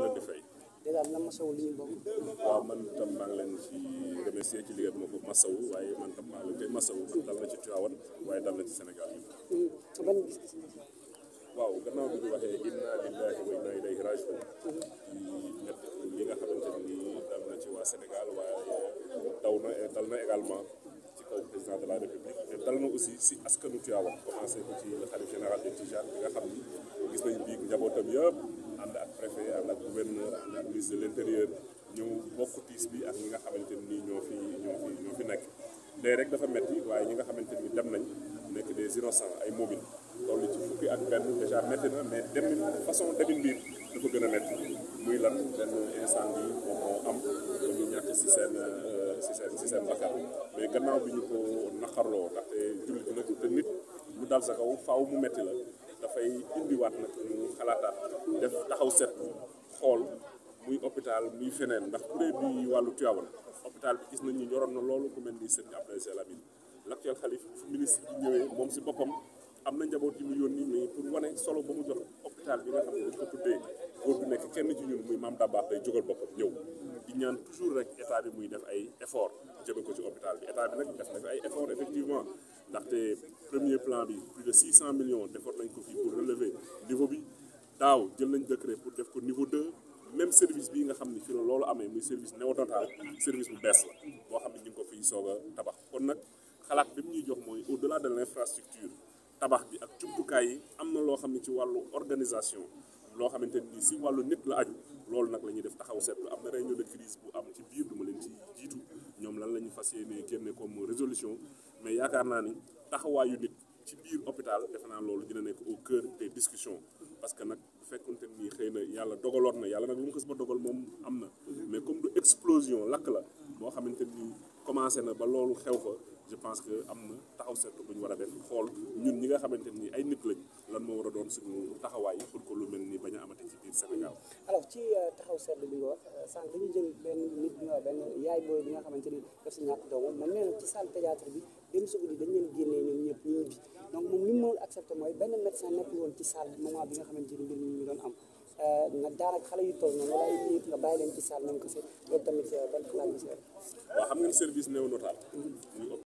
leen di fay. dèjà dina li ñu bokk. waaw man tam maa ngi leen ci remercier ci liggéey bi ma ko masawu waaye man tam maa ngi leen koy masawu dal na ci Tivaouane waaye dal na ci Sénégal yëpp. Hmm, ban waaw gannaaw bi ñu waxee inna lillahi wa inna ilayhi nga xamante ni dal na ci waa Sénégal waaye na eh, dal na également ci kaw président de la République te dal na aussi si askanu Tivaouane commencé ko ci le khalife général des Tidianes bi nga xam ni. gis nañ bii njabootam yëpp ànd ak préfet ànd ak gouverneur ànd ak ministre de l' intérieur ñëw bokk tiis bi ak ñi nga xamante ni ñoo fi ñoo fi ñoo fi nekk dee rek dafa metti waaye ñi nga xamante ni dem nañ nekk des innocents ay mobiles loolu ci fukki ak benn déjà metti na mais demin façon demin biir dafa gën a metti muy lan benn incendie yi moom moo am ba ñu ñàkk si seen si euh, seen si seen bakkan mais gannaaw bi ñu ko naqarloo ndaxte jullit nag te nit mu dal sa kaw faw mu metti la dafay indiwaat nag ñu xalaataat def taxaw set xool muy hôpital muy feneen ndax kuréel bi wàllu Tivaouane hôpital bi gis nañ ñi ñoroon na loolu ku mel ni sëñ Abdoulaye Sy Lamine l'actuel xalif ministre bi ñëwee moom si boppam am na njaboot yi mu yónni mais pour wane solo ba mu jox hôpital bi nga xam ne dañ tuddee góor bi nekk kenn ci ñun muy Mame Dabakh day jógal boppam ñëw di ñaan toujours rek état bi muy def ay effort jëme ko ci hôpital bi état bi nag def na fi ay effort effectivement ndaxte premier plan bi plus de 600 millions defoon nañ ko fi pour relever niveau bi daaw jël nañ décret pour def ko niveau de même service bi nga xam ne fi la loolu amee muy service néonatal service bu bees la boo xam ne ñu ngi ko fiy soog a tabax kon nag xalaat bi mu ñuy jox mooy au delà de l' infrastructure tabax bi ak jumtukaay yi am na loo xam ne ci wàllu organisation loo xamante ni nii si wàllu nit la aju loolu nag la ñuy def taxaw seetlu am na réunion de crise bu am ci biir du ma leen ci jiitu ñoom lan la ñu fas yéenee génne comme résolution mais yaakaar naa ni taxawaayu nit ci biir hôpital defe naa loolu dina nekk au cœur des discussions parce que nag bu fekkonte ni xëy na yàlla dogaloon na yàlla nag lu mu xës ba dogal moom am na mais comme du explosion lakk la moo xamante ni commencé na ba loolu xew fa je pense que am na taxaw seetlu bu ñu war a def xool ñun ñi nga xamante ni ay nit lañ lan moo war a doon suñu taxawaay pour que lu mel ni bañ a amati ci biir Sénégal. alors ci euh, taxaw seetlu bi nga wax euh, sànq dañu xamante ni daf si ñàkk doomam man nee bi dem si leen génnee ñoom ñëpp ñu bi donc moom li mu mën accepté mooy benn médecin nekk woon ci salle moment bi nga xamante ni mbir mi ñu doon am. Euh, nag xale yu toll noonu wala nit nga bàyyi leen ci salle même que c'est loolu tamit nga si waaw xam ngeen service